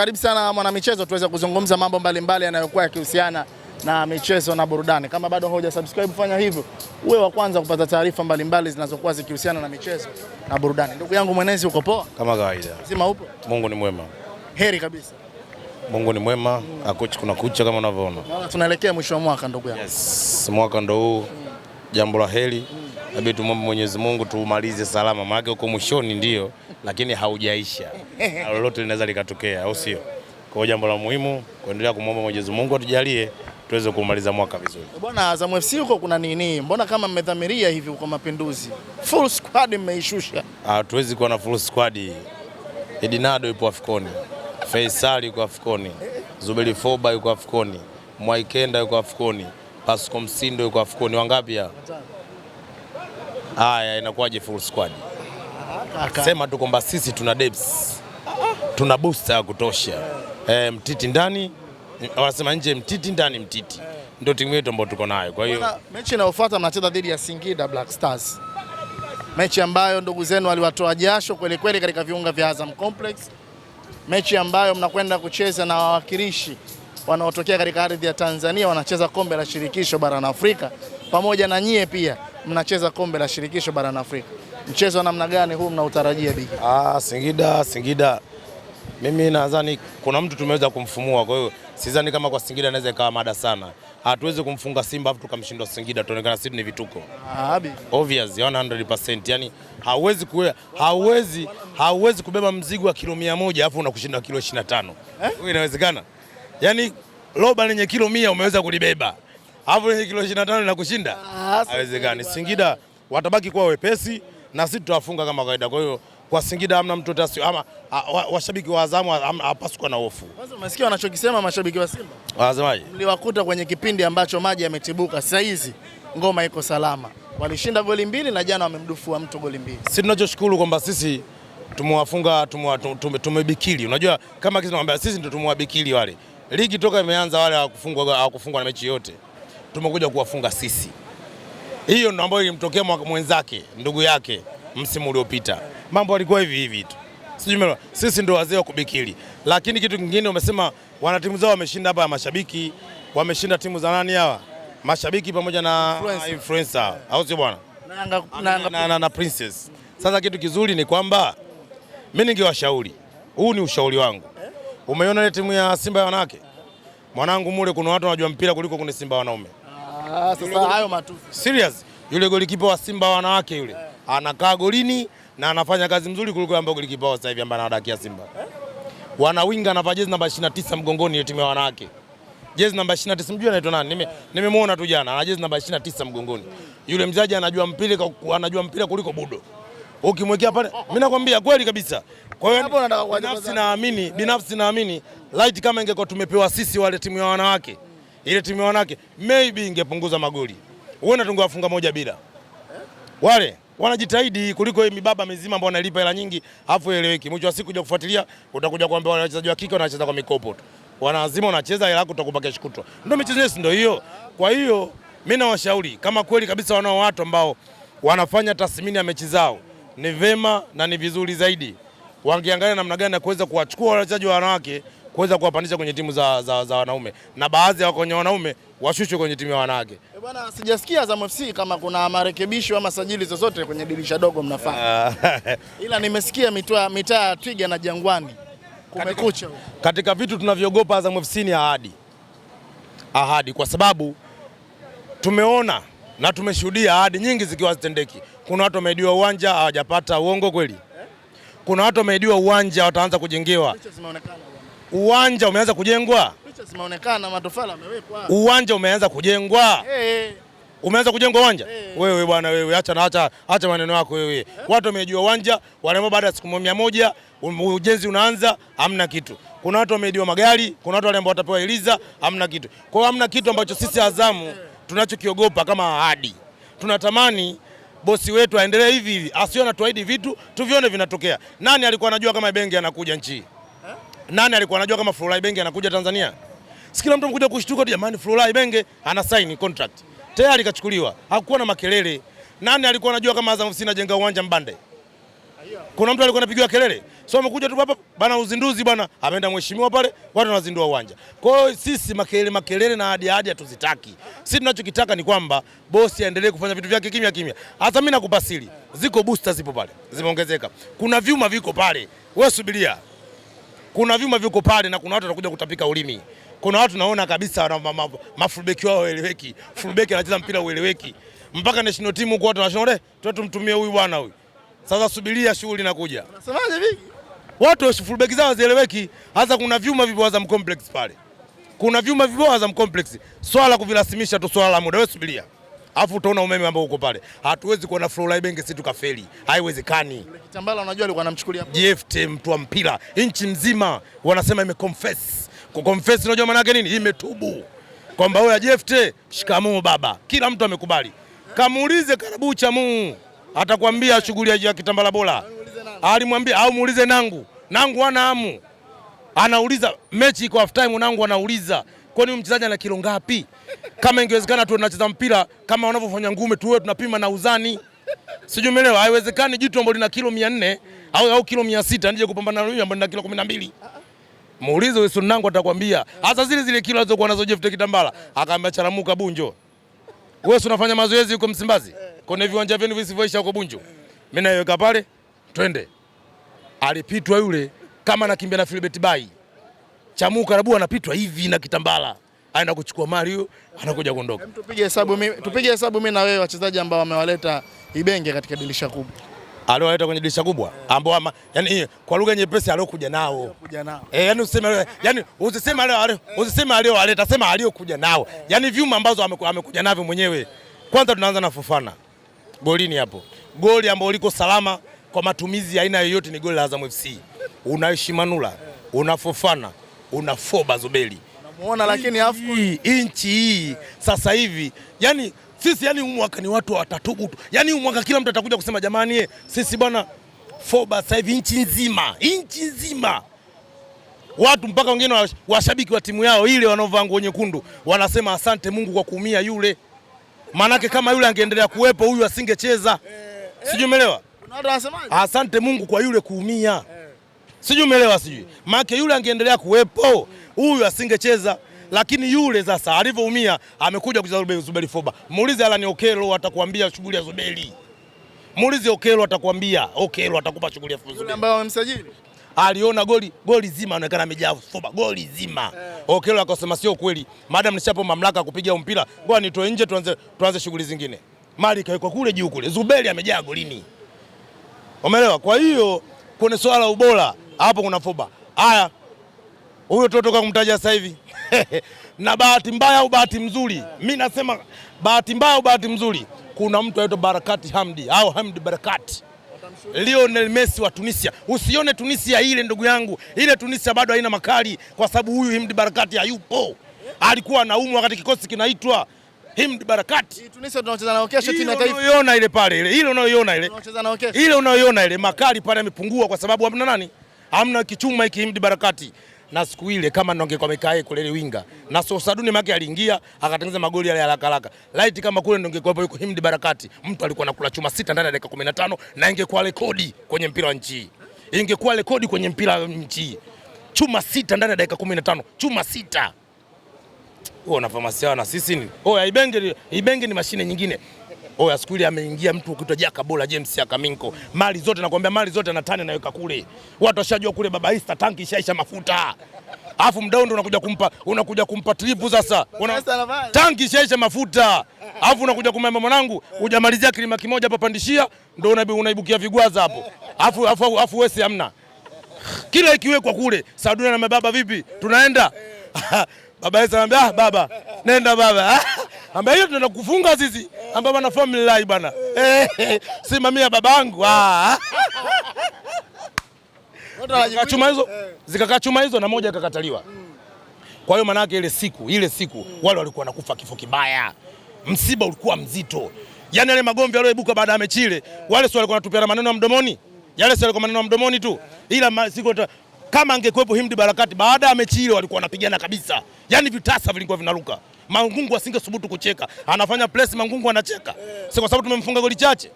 Karibu sana mwanamichezo, tuweze kuzungumza mambo mbalimbali yanayokuwa yakihusiana na michezo na burudani. Kama bado subscribe, fanya hivyo uwe wa kwanza kupata taarifa mbalimbali zinazokuwa zikihusiana na michezo na burudani. Ndugu yangu Mwenezi, uko poa? Kama kawaida. Sima upo? Mungu ni mwema. Heri kabisa. Mungu ni mwema, akuchi kuna kucha kama unavyoona. Tunaelekea mwisho wa mwaka ndugu yangu. Yes, mwaka ndo huu, jambo la heri. Labda tumwombe Mwenyezi Mungu tuumalize salama, maanake uko mwishoni ndio, lakini haujaisha, lolote linaweza likatokea, au sio? Kwa hiyo jambo la muhimu kuendelea kumwomba Mwenyezi Mungu atujalie tuweze kumaliza mwaka vizuri. Bwana Azam FC huko kuna nini? Mbona kama mmedhamiria hivi kwa mapinduzi? Full squad mmeishusha. Ah, tuwezi kuwa na full squad. Edinado yupo Afkoni. Faisali yuko Afkoni. Zubeli Foba yuko Afkoni. Mwaikenda yuko Afkoni. pasko Msindo yuko Afkoni. Wangapi hao? Haya, inakuwaje full squad? Sema tu kwamba sisi tuna debs, tuna booster ya kutosha. E, mtiti ndani, wanasema nje mtiti ndani mtiti, eh. ndio timu yetu ambayo tuko nayo. Kwa hiyo mechi inayofuata mnacheza dhidi ya Singida Black Stars, mechi ambayo ndugu zenu waliwatoa jasho kweli kweli katika viunga vya Azam Complex, mechi ambayo mnakwenda kucheza na wawakilishi wanaotokea katika ardhi ya Tanzania, wanacheza kombe la shirikisho barani Afrika pamoja na nyie pia mnacheza kombe la shirikisho barani Afrika, mchezo wa namna gani huu mnautarajia bigi? Ah, Singida Singida, mimi nadhani kuna mtu tumeweza kumfumua, kwa hiyo sidhani kama kwa Singida naweza ikawa mada sana. Hatuwezi kumfunga Simba afu tukamshindwa Singida, tuonekana sisi ni vituko. Obvious, 100%. Yani hauwezi kuwe, hauwezi hauwezi kubeba mzigo wa kilo 100 afu unakushinda kilo 25. Hiyo eh? Inawezekana? Yani loba lenye kilo 100 umeweza kulibeba hapo ni kilo 25 linakushinda? Ah, Haiwezekani. Singida watabaki kuwa wepesi na sisi tutawafunga kama kawaida. Kwa hiyo kwa Singida hamna mtu tasi ama washabiki wa Azamu hapaswi kuwa na hofu. Kwanza umesikia wanachokisema mashabiki wa Simba? Wanasemaje? Mliwakuta kwenye kipindi ambacho maji yametibuka. Sasa hizi ngoma iko salama. Walishinda goli mbili na jana wamemdufua mtu goli mbili. Sisi tunachoshukuru kwamba sisi tumewafunga tumebikili. Unajua kama kisi mwambia, sisi ndio tumewabikili wale. Ligi toka imeanza wale hawakufungwa hawakufungwa na mechi yote tumekuja kuwafunga sisi. Hiyo ndo ambayo ilimtokea mwenzake ndugu yake msimu uliopita, mambo alikuwa hivi hivi tu. Sijui sisi ndo wazee wa kubikili. Lakini kitu kingine umesema wana timu zao wameshinda hapa ya mashabiki, wameshinda timu za nani hawa? Mashabiki pamoja na influencer, au sio bwana? Na na princess. Sasa kitu kizuri ni kwamba mimi ningewashauri, huu ni ushauri wangu. Eh? umeona ile timu ya Simba ya wanawake mwanangu, mule kuna watu wanajua mpira kuliko kuna Simba wanaume. Ah, sasa hayo matusi. Serious. Yule golikipa wa Simba wanawake yule eh, anakaa golini na anafanya kazi mzuri kuliko ambao golikipa wa sasa hivi ambaye anadakia Simba. eh, Wana winga na jezi namba 29 mgongoni ya timu ya wanawake. Jezi namba 29 mjua anaitwa nani? Nime eh, nimemwona tu jana ana jezi namba 29 mgongoni. Yule mzaji anajua mpira anajua mpira kuliko budo ukimwekea pale, mimi nakwambia kweli kabisa. Kwa hiyo binafsi naamini, eh. binafsi naamini light kama ingekuwa tumepewa sisi wale timu ya wanawake, ile timu ya wanawake maybe ingepunguza magoli, uone tungewafunga moja bila. Wale wanajitahidi kuliko hii mibaba mizima ambao wanalipa hela nyingi, afu eleweki. Mwisho wa siku kuja kufuatilia, utakuja kuambia wale wachezaji wa kike wanacheza kwa mikopo tu, wanazima wanacheza, hela yako utakupa kesho kutwa. Ndio michezo yetu, ndio hiyo. Kwa hiyo mimi nawashauri kama kweli kabisa, wanao watu ambao wanafanya tathmini ya mechi zao ni vema na ni vizuri zaidi wangeangalia namna gani ya kuweza kuwachukua wachezaji wa wanawake kuweza kuwapandisha kwenye timu za, za, za wanaume na baadhi ya kwenye wanaume washushwe kwenye timu ya wanawake. Eh, bwana, sijasikia Azam FC kama kuna marekebisho ama sajili zozote kwenye dirisha dogo mnafanya. Ila nimesikia mitaa ya Twiga na Jangwani kumekucha. Katika, katika vitu tunavyogopa Azam FC ni ahadi, ahadi kwa sababu tumeona na tumeshuhudia ahadi nyingi zikiwa zitendeki. Kuna watu wameidiwa uwanja hawajapata, uongo kweli? Kuna watu wameidiwa uwanja wataanza kujengewa. Uwanja umeanza kujengwa, uwanja umeanza kujengwa Umeanza kujengwa uwanja hey. Wewe bwana wewe, acha na acha, acha maneno yako wewe hey. Eh? Watu wameidiwa uwanja, wanaomba baada ya siku mia moja um, ujenzi unaanza, hamna kitu. Kuna watu wameidiwa magari, kuna watu wale ambao watapewa iliza, hamna kitu. Kwa hiyo hamna kitu ambacho sisi Azamu hey. Eh tunachokiogopa kama ahadi. Tunatamani bosi wetu aendelee hivi hivi, asio tuahidi vitu tuvione vinatokea. Nani alikuwa anajua kama benki anakuja nchi? Eh? Nani alikuwa anajua kama Florai Ibenge anakuja Tanzania? Sikila mtu mkuja kushtuka jamani, Florai Ibenge ana sign contract tayari kachukuliwa, hakuwa na makelele. Nani alikuwa anajua kama Azam FC inajenga uwanja Mbande? Kuna mtu alikuwa anapigiwa kelele, so amekuja tu hapa bana, uzinduzi bwana, ameenda mheshimiwa pale, watu wanazindua uwanja. Kwa hiyo sisi makelele makelele na hadi hadi hatuzitaki sisi. Tunachokitaka ni kwamba bosi aendelee kufanya vitu vyake kimya kimya. Hata mimi nakupasili, ziko booster zipo pale, zimeongezeka, kuna vyuma viko pale, wewe subiria, kuna vyuma viko pale na kuna watu watakuja kutapika ulimi kuna watu naona kabisa wana ma, ma mafulbeki wao eleweki. fulbeki anacheza mpira ueleweki, mpaka national team huko watu wanashona, "Tuwe tumtumie huyu bwana huyu sasa subiria shughuli inakuja. Unasemaje Bigi? Watu wa fullback zao hazieleweki. Hasa kuna vyuma vipo Azam Complex pale. Kuna vyuma vipo Azam Complex. Swala kuvilasimisha tu swala la muda. Wewe subiria. Alafu utaona umeme ambao uko pale. Hatuwezi kuwa na line Bank sisi tukafeli. Haiwezekani. Kitambala unajua alikuwa anamchukulia hapo. Gift mtu wa mpira. Inchi nzima wanasema imeconfess. Kuconfess unajua maana yake nini? Imetubu. Kwamba wewe Gift, shikamoo baba. Kila mtu amekubali. Kamuulize Karabucha Mungu atakwambia shughuli ya Kitambala bora alimwambia, au muulize nangu nangu ana amu, anauliza mechi iko half time, nangu anauliza kwani huyu mchezaji ana kilo ngapi? Kama ingewezekana tu tunacheza mpira kama wanavyofanya ngume tu, wewe tunapima na uzani, sijui umeelewa. Haiwezekani jitu ambalo lina kilo 400 au au kilo 600 nije kupambana na yule ambaye ana kilo 12. Muulize wewe sunangu, atakwambia hasa zile zile kilo alizokuwa nazo Jeff Kitambala. Akaambia charamuka bunjo, wewe unafanya mazoezi huko Msimbazi kone viwanja vyenu visivyoisha huko Bunju, mimi naiweka pale, twende. Alipitwa yule kama anakimbia na Filbert Bayi Chamuka Karabu, anapitwa hivi na kitambala, aenda kuchukua mali hiyo, anakuja kuondoka. Tupige hesabu mimi, tupige hesabu mimi na wewe, wachezaji ambao wamewaleta Ibenge katika dirisha kubwa aliowaleta kwenye dirisha kubwa eh. ambao ama, yani, eh, kwa lugha nyepesi aliokuja nao Kuja eh, yani useme yani, usiseme leo, eh. usiseme aleta, sema aliokuja nao, yani vyuma ambazo amekuja navyo mwenyewe. Kwanza tunaanza na Fofana golini hapo. Goli ambalo liko salama kwa matumizi ya aina yoyote ni goli la Azam FC. Unaishi Manula, unafofana, una Foba Zobeli. Unamuona lakini afu inchi hii sasa hivi. yani sisi yani mwaka ni watu watatubu. Yaani mwaka kila mtu atakuja kusema jamani ye, eh, sisi bwana Foba sasa hivi inchi nzima, inchi nzima. Watu mpaka wengine washabiki wa timu yao ile wanaovaa nguo nyekundu wanasema asante Mungu kwa kuumia yule maanake kama yule angeendelea kuwepo huyu asingecheza, eh, eh. sijui umeelewa. Asante Mungu kwa yule kuumia, eh. sijui umeelewa, sijui Maana yule angeendelea kuwepo huyu asingecheza lakini yule sasa alivyoumia amekuja kwa Zuberi Foba. Muulize ni Okelo atakwambia shughuli ya Zuberi. Muulize Okelo atakwambia, Okelo atakupa shughuli ya Zuberi. Yule ambaye wamemsajili? aliona goli goli zima anaonekana amejaa foba goli zima yeah. Okelo akasema sio kweli, madam nishapo mamlaka kupiga mpira, ngoja nitoe nje, tuanze tuanze shughuli zingine. Mali kaiko kule juu kule, Zuberi amejaa golini, umeelewa? Kwa hiyo kuna swala ubora hapo, kuna foba. Haya, huyo totoka kumtaja sasa hivi na bahati mbaya au bahati mzuri yeah. Mimi nasema bahati mbaya au bahati mzuri, kuna mtu anaitwa Barakati Hamdi au Hamdi Barakati Lionel Messi wa Tunisia. Usione Tunisia ile ndugu yangu, ile Tunisia bado haina makali, kwa sababu huyu Himdi Barakati hayupo, alikuwa anaumwa wakati kikosi kinaitwa Himdi Barakati. Tunisia tunacheza nao kesho timu ya taifa. Unaiona ile pale ile, ile unayoiona ile. Tunacheza nao kesho. Ile unayoiona ile makali pale yamepungua kwa sababu hamna nani? Hamna kichuma hiki Himdi Barakati na siku ile kama ndo angekuwa amekaa yeye kule winga na Sosaduni make aliingia akatengeneza magoli yale haraka haraka. Light kama kule ndo angekuwa yuko Himdi Barakati, mtu alikuwa anakula chuma sita ndani ya dakika 15 na ingekuwa rekodi kwenye mpira wa nchi, ingekuwa rekodi kwenye mpira wa nchi, chuma sita ndani ya dakika 15, chuma sita. Wewe unafahamu sana sisi ni oh, Ibenge, Ibenge ni mashine nyingine. Oya, siku ile ameingia mtu ukitwa Jaka Bola James Kaminko. Mali zote nakwambia mali zote na tani anaweka kule. Watu washajua kule baba Ista tanki ishaisha mafuta. Alafu mdau ndo unakuja kumpa unakuja kumpa tripu sasa. Una, tanki ishaisha mafuta. Alafu unakuja kumwambia mwanangu hujamalizia kilima kimoja hapa pandishia ndo unaibukia vigwaza hapo. Alafu alafu alafu wewe si amna. Kila ikiwekwa kule, Saudi na mababa vipi? Tunaenda. baba Ista anambia ah, baba. Nenda baba. ambaye hiyo tunaenda kufunga sisi ambao wana family lai bana. Eh, simamia babangu ah. kachuma hizo eh. zikakaa hizo na moja ikakataliwa. Kwa hiyo maanake ile siku ile siku hmm. wale walikuwa nakufa kifo kibaya, msiba ulikuwa mzito. Yaani yale magomvi yaliyoibuka baada ya mechi ile, eh. wale sio walikuwa wanatupiana maneno ya mdomoni, yale sio walikuwa maneno ya mdomoni tu, ila siku kama angekuwepo Himdi Barakati, baada ya mechi ile walikuwa wanapigana kabisa, yani vitasa vilikuwa vinaruka. Mangungu asingethubutu kucheka, anafanya press, Mangungu anacheka, si kwa sababu tumemfunga goli chache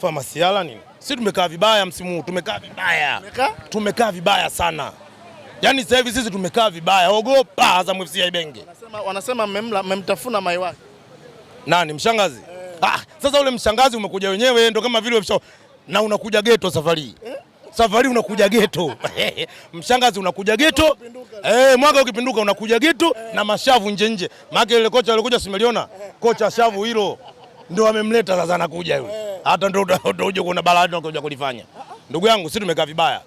famasiala nini? Si tumekaa vibaya msimu huu, tumekaa vibaya, tumekaa vibaya sana. Yaani sasa hivi sisi tumekaa vibaya, ogopa Azam FC Ibenge. Wanasema wanasema mmemla mmemtafuna mai wake. Nani mshangazi? Eh. Ah, sasa ule mshangazi umekuja wenyewe ndio kama vile na unakuja geto safari. Eh? safari unakuja geto mshangazi, unakuja geto eh, mwaka ukipinduka unakuja geto na mashavu nje nje. Maana ile kocha alikuja, simeliona kocha shavu hilo ndio amemleta sasa, anakuja yule eh. hata ndio uje kuona balaa unakuja kulifanya. Ndugu yangu, sisi tumekaa vibaya.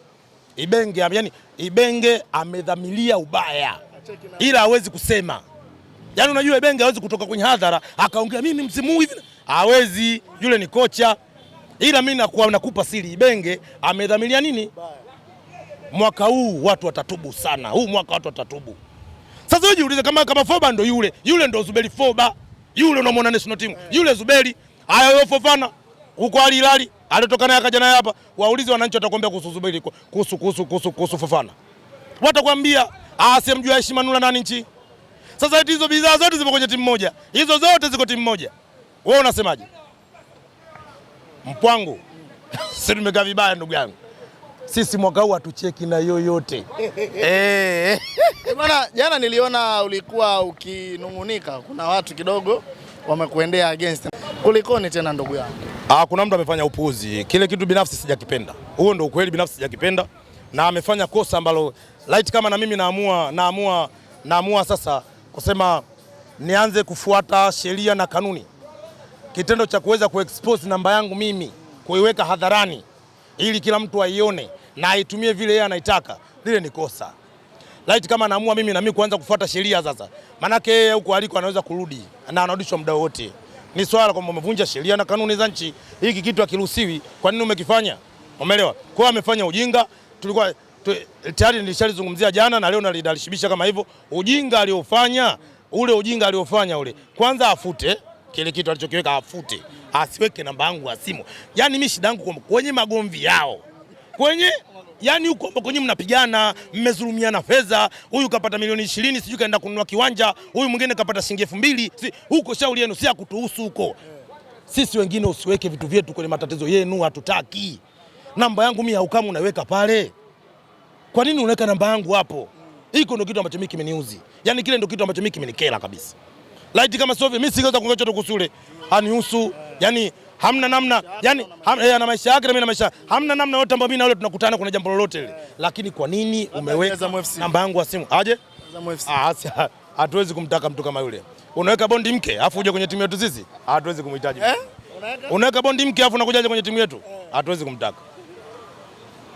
Ibenge yani, Ibenge amedhamilia ubaya, ila hawezi kusema. Yani unajua Ibenge hawezi kutoka kwenye hadhara akaongea mimi msimu hivi, hawezi. Yule ni kocha ila mimi nakuwa nakupa siri, Ibenge amedhamiria nini? Mwaka huu watu watatubu sana, huu mwaka watu watatubu. Sasa wewe jiulize, kama kama Foba ndo yule yule, ndo Zuberi Foba yule, unamwona national team eh. yule Zuberi, haya wewe Fofana huko Al Hilal alitoka naye akaja naye hapa, waulize wananchi, watakwambia kuhusu Zuberi, kuhusu kuhusu kuhusu kuhusu Fofana, watakwambia asemjua ah, heshima nula nani nchi. Sasa hizo bidhaa zote zipo kwenye timu moja, hizo zote ziko timu moja, wewe unasemaje? Mpwangu si tumekaa vibaya ndugu yangu, sisi mwaka huu hatucheki na yoyote eh. Bwana, jana niliona ulikuwa ukinung'unika, kuna watu kidogo wamekuendea against. Kulikoni tena ndugu yangu? Ah, kuna mtu amefanya upuzi. Kile kitu binafsi sijakipenda, huo ndio ukweli, binafsi sijakipenda na amefanya kosa ambalo light kama na mimi naamua, naamua, naamua sasa kusema nianze kufuata sheria na kanuni kitendo cha kuweza kuexpose namba yangu mimi kuiweka hadharani ili kila mtu aione na aitumie vile yeye anaitaka, lile ni kosa. Laiti kama anaamua mimi na mimi kuanza kufuata sheria sasa, manake yeye huko aliko anaweza kurudi na anarudishwa muda wote. Ni swala kwamba umevunja sheria na kanuni za nchi. Hiki kitu hakiruhusiwi. Kwa nini umekifanya? Umeelewa? Kwa hiyo amefanya ujinga. Tulikuwa tu, tayari nilishalizungumzia jana na leo nalidalishibisha kama hivyo. Ujinga aliofanya ule, ujinga aliofanya ule, kwanza afute kile kitu alichokiweka afute, asiweke namba yangu ya simu. Yani mimi shida yangu kwenye magomvi yao kwenye yani huko ambako nyinyi mnapigana, mmezulumiana fedha, huyu kapata milioni ishirini, sijui kaenda kununua kiwanja, huyu mwingine kapata shilingi elfu mbili. Si huko shauri yenu, si kutuhusu huko. Sisi wengine usiweke vitu vyetu kwenye matatizo yenu, hatutaki. Namba yangu mimi haukamu unaweka pale, kwa nini unaweka namba yangu hapo? Hiko ndio kitu ambacho mimi kimeniuzi, yani kile ndio kitu ambacho mimi kimenikera kabisa. Laiti kama sio mimi singeweza kuongea chochote kusule. Anihusu. yani hamna namna. yani ham, eh, ana maisha yake na mimi na maisha. Hamna namna yote ambayo mimi na yule tunakutana kuna jambo lolote lile. Lakini kwa nini umeweka namba yangu ya simu? Aje? Ah, hatuwezi kumtaka mtu kama yule. Unaweka bondi mke afu uje kwenye timu yetu sisi? Hatuwezi kumhitaji. Eh? Unaweka bondi mke afu unakujaje kwenye timu yetu? Eh. Hatuwezi kumtaka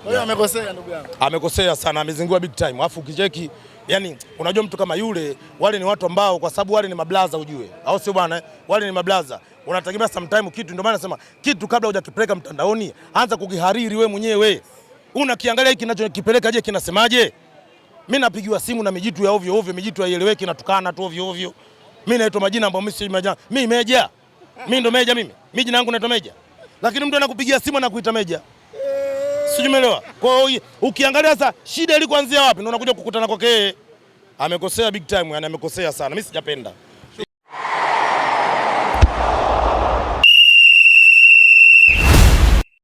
yeah. Amekosea ndugu yangu, amekosea sana, amezingua big time. Alafu ukicheki yani, unajua mtu kama yule, wale ni watu ambao kwa sababu wale ni mablaza, ujue, au sio bwana? Eh? Wale ni mablaza, unategemea sometime kitu. Ndio maana nasema kitu kabla hujakipeleka mtandaoni, anza kukihariri wewe mwenyewe, unakiangalia hiki kinachokipeleka, je, kinasemaje? Mimi napigiwa simu na mijitu ya ovyo ovyo, mijitu haieleweki, na tukana tu ovyo ovyo. Mimi naitwa majina ambayo mimi si majina. Mimi Meja. Mimi ndo Meja mimi. Mimi jina langu naitwa Meja. Lakini mtu anakupigia simu na kuita Meja sijumelewa Kwa hiyo ukiangalia sasa shida ilikuanzia wapi ndio unakuja kukutana kwake. Amekosea big time, yani amekosea sana. Mimi sijapenda.